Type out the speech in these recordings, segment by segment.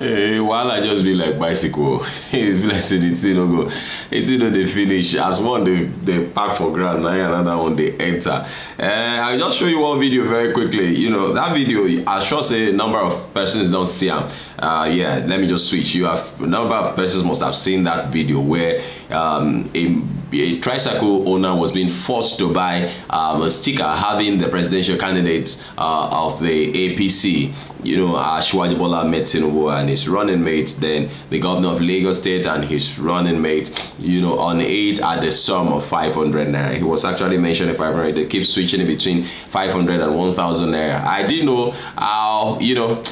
Hey, eh, wahala just be like bicycle. it's be like say the thing no go. The thing no dey finish. As one dey dey park for ground, na another one dey enter. Uh, I'll just show you one video very quickly. You know that video, I sure say number of persons don't see am. Uh, yeah, let me just switch. You have number of persons must have seen that video where um, a a tricycle owner was being forced to buy um, a sticker having the presidential candidates uh, of the APC, you know, Ashwaji uh, Bola Tinubu and his running mate, then the governor of Lagos State and his running mate, you know, on it at the sum of 500 naira. He was actually mentioning 500. They keep switching between 500 and 1,000 naira. I didn't know how, you know,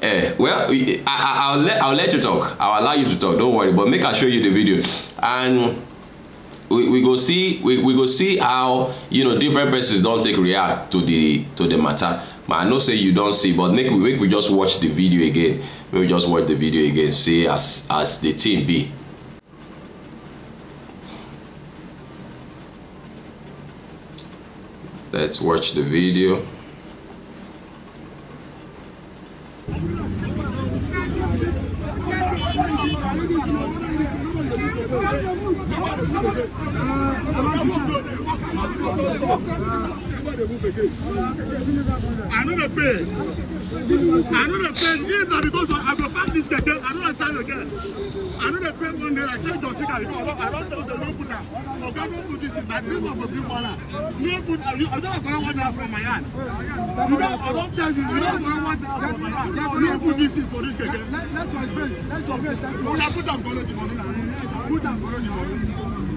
Eh, well, I, I, I'll let I'll let you talk. I'll allow you to talk. Don't worry, but make I show you the video. And we, go see we, we go see how you know different persons don take react to the to the matter but i know say you don see but make we make we just watch the video again make we just watch the video again see as as the thing be. let's watch the video. I know the pain. I know the pain. If because I go pack this keke, I don't the time again. I know the one day. I can't just take it because I don't know the no put that. Oga no put this in my dream of a baller. No put. I don't have another one there from my hand. You don't. I don't tell you. You don't have another one there from my hand. No put this for this keke. Let's your brain. Let your brain. Put am follow the money. Put am follow the money.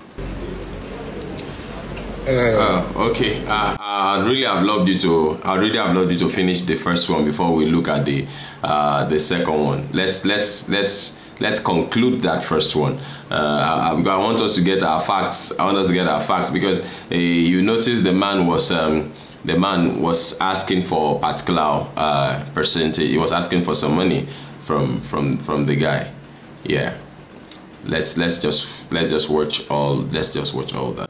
Uh, okay. Uh, i really have loved you to. i really have loved you to finish the first one before we look at the uh, the second one. Let's let's let's let's conclude that first one. Uh, I, I, want us to get our facts. I want us to get our facts because uh, you notice the man was um, the man was asking for particular uh, percentage. He was asking for some money from from from the guy. Yeah. Let's let's just let's just watch all let's just watch all that.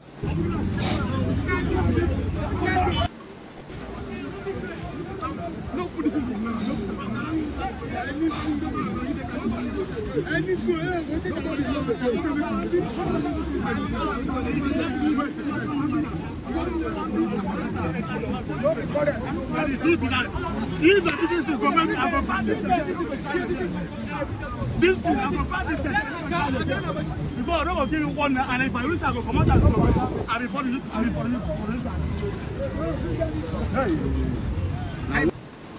that if the I will this This thing, I will this Because I don't give you one, and if I lose, I will come out and I report I report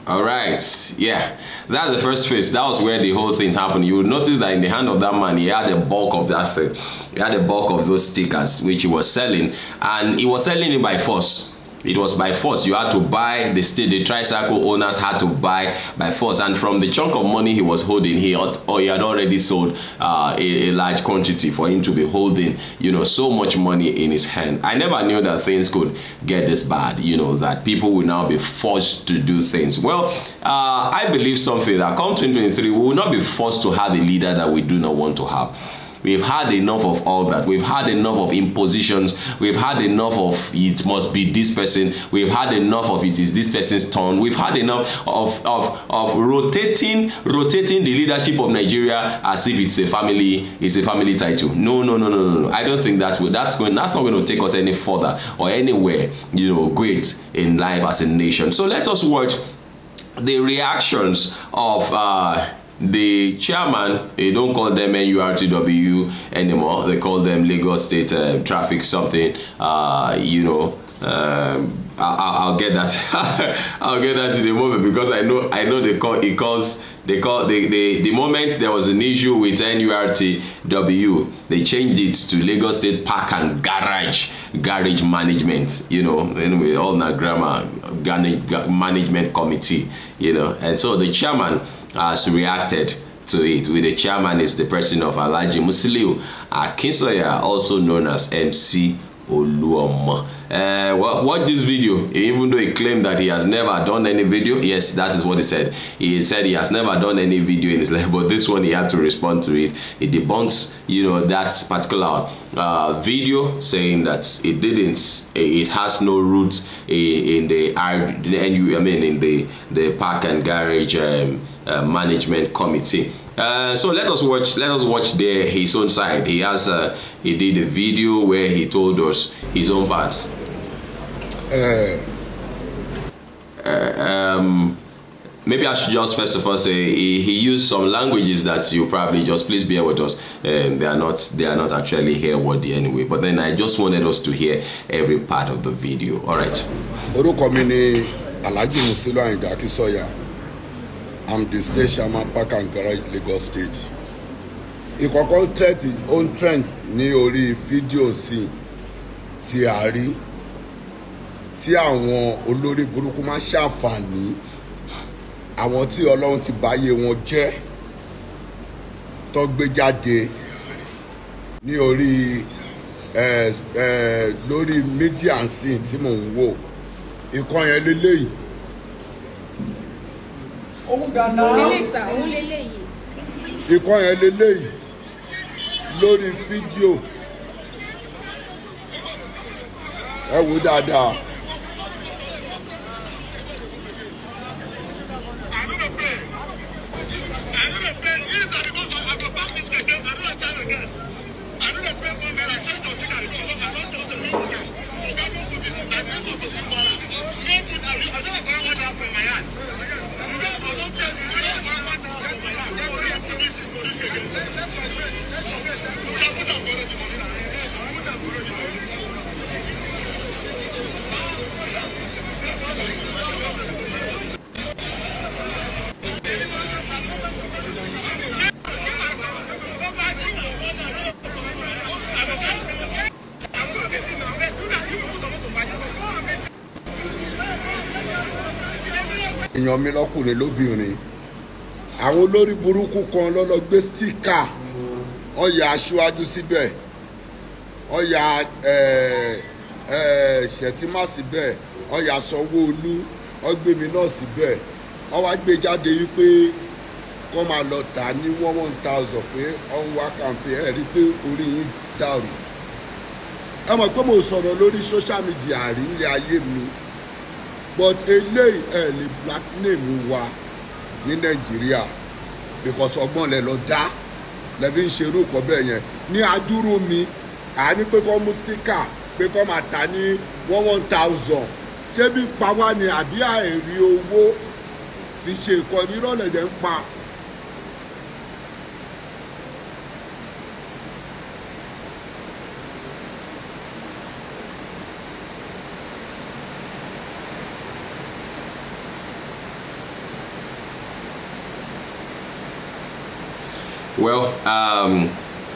All right, yeah, that's the first phase. That was where the whole thing happened. You would notice that in the hand of that man, he had the bulk of that thing. He had the bulk of those stickers which he was selling, and he was selling it by force it was by force you had to buy the state the tricycle owners had to buy by force and from the chunk of money he was holding he or he had already sold uh, a, a, large quantity for him to be holding you know so much money in his hand i never knew that things could get this bad you know that people will now be forced to do things well uh, i believe something that come 2023 we will not be forced to have a leader that we do not want to have We've had enough of all that. We've had enough of impositions. We've had enough of it must be this person. We've had enough of it is this person's turn. We've had enough of of of rotating rotating the leadership of Nigeria as if it's a family it's a family title. No, no, no, no, no, no. I don't think that will that's going that's not going to take us any further or anywhere you know great in life as a nation. So let us watch the reactions of. Uh, the chairman, they don't call them NURTW anymore. They call them Lagos State uh, Traffic something, uh, you know. Um, I, will get that. I'll get that in a moment because I know I know they call it calls they call The the the moment there was an issue with NURTW, they changed it to Lagos State Park and Garage Garage Management. You know, anyway, all that grammar management committee. You know, and so the chairman has uh, reacted to it with the chairman is the president of Alhaji Musiliu Akinsoya uh, also known as MC Oluomo. Uh, watch this video even though he claimed that he has never done any video yes that is what he said he said he has never done any video in his life but this one he had to respond to it he debunks you know that particular uh, video saying that it didn't it has no roots eh, in, the I mean in the the park and garage um, uh, management committee. Uh, so let us watch. Let us watch their his own side. He has uh, he did a video where he told us his own parts. Uh. Uh, um, maybe I should just first of all say he, he, used some languages that you probably just please bear with us. Um, they are not they are not actually here worthy anyway. But then I just wanted us to hear every part of the video. All right. I'm the state chairman Park and Garage Lagos State. Ìkọ̀kọ́ threat on trend ní orí fídíò sí tí a rí tí àwọn olórí burúkú máa ṣàǹfààní àwọn tí Ọlọ́run ti báyé wọn jẹ́ tó gbé jáde ní orí lórí mídíà sí tí mò ń wò ìkọ́ yẹn lélẹ́yìí òun gàdá. lélẹ̀ sà òun lélẹ̀ yìí. ikọ́ yẹn lélẹ̀ yìí lórí fídíò ẹ wò dáadáa. èèyàn mi lọ́kùnrin lóbìnrin àwọn olórí burúkú kan ló lọ gbé ọya ya aṣíwájú síbẹ̀ ó ya ṣètìmá síbẹ̀ ó ya sanwó náà síbẹ̀ gbé jáde máa lọ tà ní one pé ọ wá campaign ẹ̀ pé orí yín dàrú ẹ mọ̀ pé mo sọ̀rọ̀ lórí social media rí ayé mi but eléyìí ẹ̀ lè black ní nàìjíríà because ọgbọ́n lẹ lẹ́bí ń ṣerú nǹkan bẹ́ẹ̀ yẹn ní adúrú mi àní pé kọ́ mú síkà pé kọ́ máa ta ní one one thousand ṣé bí pa wá ni àbí àìrí owó fi ṣe ìkọ́ni rọ̀lẹ́jẹ̀ ń pa. Well, um,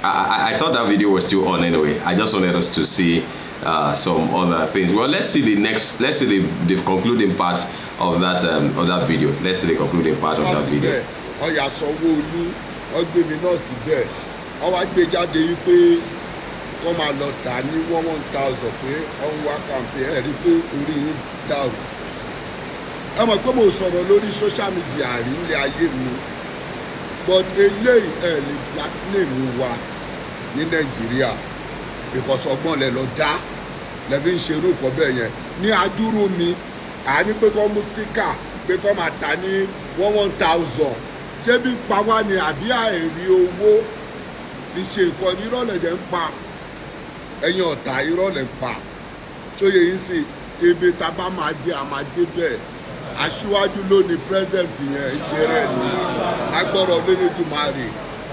I, I, thought that video was still on anyway. I just wanted us to see uh, some other things. Well, let's see the next, let's see the, the concluding part of that um, of that video. Let's see the concluding part of that video. Ọ̀yà Sanwó-Olú ọgbẹ́mi náà síbẹ̀ ọwọ́ gbé jáde wípé kọ́ máa lọ tà ní one one thousand pé ọ̀hún wá kàǹpé ẹ̀ rí pé orí yín social media rí ilé ayé but eléyìí ẹ black name wa ní nàìjíríà because ọgbọ́n lẹ lọ dá lẹ́fi ń ṣerú nǹkan bẹ́ẹ̀ yẹn ní adúrú mi àní pé kọ́ mú síkà pé kọ́ máa ta ní one one thousand àbí àìrí owó fi ṣe nǹkan ìrọ̀lẹ́ jẹ́ ń pa ẹ̀yìn ọ̀tá ìrọ̀lẹ́ ń pa ṣóye aṣíwájú ló ní present yẹn ìṣeré ni agbọ́rọ̀ ló ní tùmárì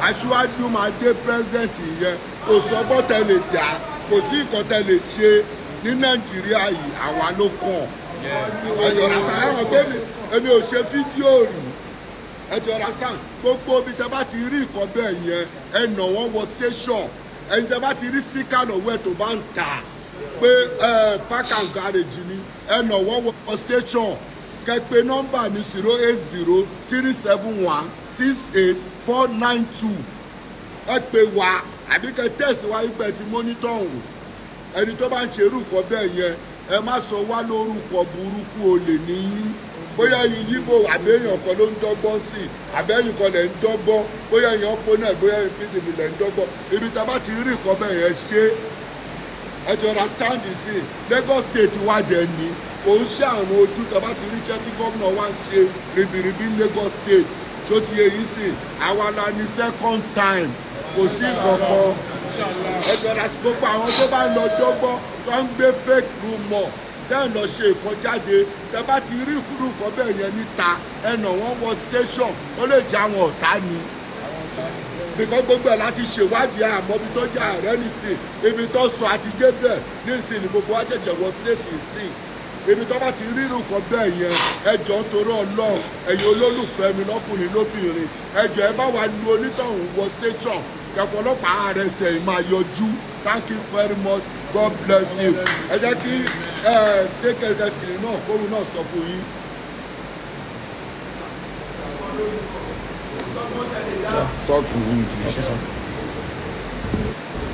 aṣíwájú máa dé present yẹn kò sọ́gbọ́n tẹ́ lè dá kò sí nǹkan tẹ́ lè ṣe ní nàìjíríà yìí àwa ló kàn ẹ̀jọ̀ rasa ẹ̀wọ̀n pé èmi ò ṣe fídíò rí ẹ̀jọ̀ rasa gbogbo ibi tẹ́ bá ti rí nǹkan bẹ́ẹ̀ yẹn ẹ̀ nà wọ́n wọ station ẹ̀yin tẹ́ bá ti rí síkà lọ́wọ́ ẹ̀ tó bá ń tà pé park and garage ni ẹ̀ nà wọ́n wọ station kẹ́pẹ́ nọ́mbà ní zero eight zero three seven one six eight four nine two ẹ pè wá àbí kẹ́ tẹ̀síwájú pẹ̀ ti mọ́nítọ̀ ọ̀hún ẹni tó bá ń ṣerú nǹkan bẹ́ẹ̀ yẹn ẹ má sọ wá lórúkọ burúkú olè níyìn bóyá ẹ̀yin yíbo àbẹ́yìn ọ̀kan ló ń dọ́gbọ́n sí i àbẹ́yìn kan lẹ̀ ń dọ́gbọ́n bóyá ẹ̀yin ọ̀pọ̀nà bóyá ẹ̀yin pdp lẹ̀ ń dọ́gbọ́n ibi tá a bá ti rí nǹkan bẹ́ẹ̀ yẹn ṣe ẹ ti ọ̀rá stand sí i Lagos State wá dẹ̀ ní kò ń ṣàrùn ojú tó bá ti ríṣẹ́ tí gómìnà wa ń ṣe ribiribi Lagos state tó ti yẹ yìí sìn àwa la second time kò sí kankan ẹjọ́ láti gbogbo àwọn tó bá ń lọ dọ́gbọ́ tó ń gbé fake rumour bẹ́ẹ̀ lọ ṣe ìkọjáde tẹ bá ti rí ìkúrú nǹkan bẹ́ẹ̀ yẹn níta ẹnà wọn wọ station ó lè jẹ́ àwọn ọ̀tá ni bíkọ́ gbogbo ẹ̀ láti ṣèwádìí àmọ́bí tó jẹ́ àrẹ́nìtì ibi tó sọ àti débẹ̀ ní ìsìn ní gbogbo wa tẹ̀tẹ̀ wọ sílẹ̀ tì í sìn ibi tó bá ti rírun kan bẹ́ẹ̀ yẹn ẹjọ́ torí ọlọ́run ẹ̀yin olólùfẹ́ mi lọ́kùnrin lóbìnrin ẹjọ́ ẹ bá wa lu onítọ̀hún wọ station kẹfọ́ ọlọ́pàá rẹ̀ ṣe máa yọjú thank you very much god bless you ẹ jẹ́ kí state executive náà kóhun náà sọ fún yín. Talk to him, please. Okay,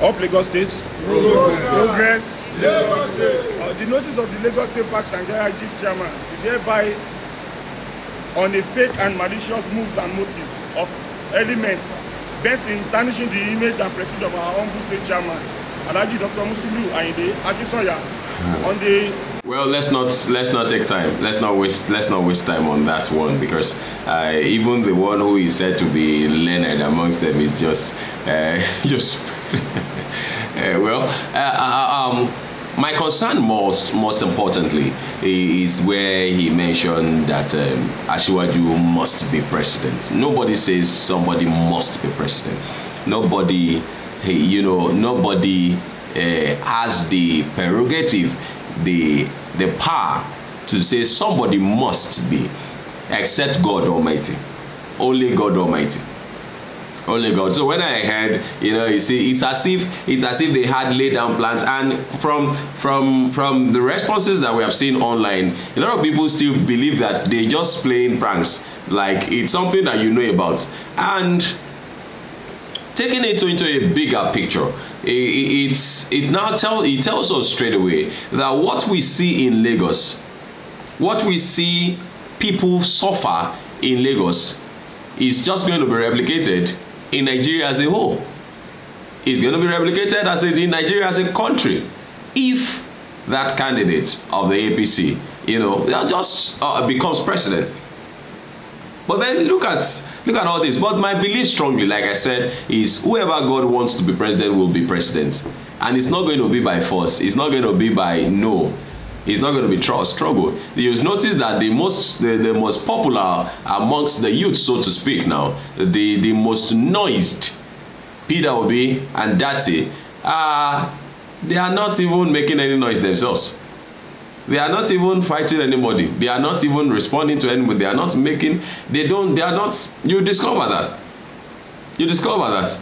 Up Lagos State. Progress. Uh, the notice of the Lagos State Parks and Garages chairman is hereby on a fake and malicious moves and motives of elements bent in tarnishing the image and prestige of our humble state chairman, Alhaji Dr. Musiliu Ayinde Akisoya, hmm. on the Well, let's not let's not take time. Let's not waste let's not waste time on that one because uh, even the one who is said to be learned amongst them is just uh, just uh, well. Uh, uh, uh, um, my concern most most importantly is where he mentioned that um, Ashwaju must be president. Nobody says somebody must be president. Nobody, you know, nobody has the prerogative the the power to say somebody must be except God Almighty. Only God Almighty. Only God. So when I heard, you know, you see, it's as if it's as if they had laid down plans. And from from from the responses that we have seen online, a lot of people still believe that they just playing pranks. Like it's something that you know about. And taking it into a bigger picture it's it now tell it tells us straight away that what we see in lagos what we see people suffer in lagos is just going to be replicated in nigeria as a whole it's going to be replicated as in, in nigeria as a country if that candidate of the apc you know just uh, becomes president but then look at Look at all this. But my belief strongly, like I said, is whoever God wants to be president will be president. And it's not going to be by force. It's not going to be by no. It's not going to be tr- struggle. You'll notice that the most, the, the most popular amongst the youth, so to speak now, the, the most noised, Peter Obi and Dati, uh, they are not even making any noise themselves. They are not even fighting anybody they are not even responding to anybody they are not making they don't they are not you discover that you discover that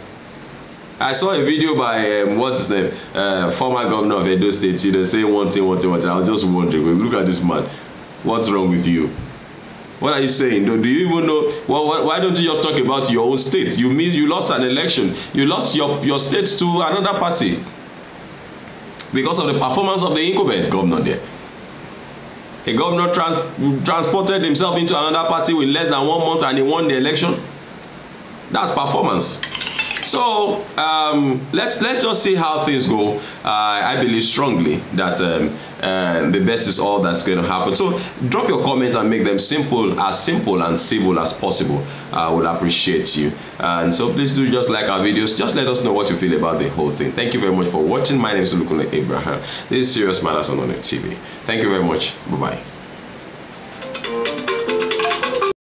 I saw a video by um, what's his name, uh, former governor of Edo State. You know, saying one thing, one thing, one thing. I was just wondering. Look at this man. What's wrong with you? What are you saying? Do, do you even know? Well, why don't you just talk about your own state? You mean you lost an election. You lost your your state to another party because of the performance of the incumbent governor there. A governor trans transported himself into another party with less than one month and he won the election. That's performance. So um, let's let's just see how things go. Uh, I believe strongly that um, uh, the best is all that's going to happen. So drop your comments and make them simple, as simple and civil as possible. I would appreciate you. And so please do just like our videos. Just let us know what you feel about the whole thing. Thank you very much for watching. My name is Lukuna Abraham. This is Serious Matters on Onyx TV. Thank you very much. Bye bye.